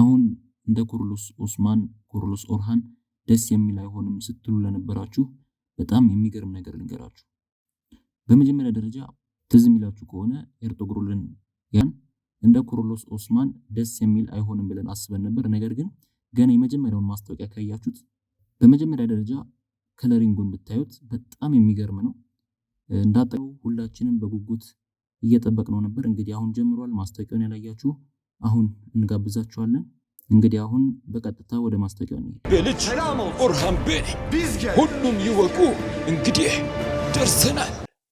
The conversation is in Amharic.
አሁን እንደ ኩርሉስ ኦስማን፣ ኩርሉስ ኦርሃን ደስ የሚል አይሆንም ስትሉ ለነበራችሁ በጣም የሚገርም ነገር ልንገራችሁ። በመጀመሪያ ደረጃ ትዝ የሚላችሁ ከሆነ ኤርቶግሩልን ያን እንደ ኩርሉስ ኦስማን ደስ የሚል አይሆንም ብለን አስበን ነበር። ነገር ግን ገና የመጀመሪያውን ማስታወቂያ ካያችሁት በመጀመሪያ ደረጃ ከለሪንጉን ብታዩት በጣም የሚገርም ነው። እንዳጠቀው ሁላችንም በጉጉት ነው ነበር። እንግዲህ አሁን ጀምሯል። ማስታወቂያውን ያላያችሁ አሁን እንጋብዛችኋለን። እንግዲህ አሁን በቀጥታ ወደ ማስታወቂያው እንሄድ። በልጅ ኦርሃን ሁሉም ይወቁ። እንግዲህ ደርሰናል።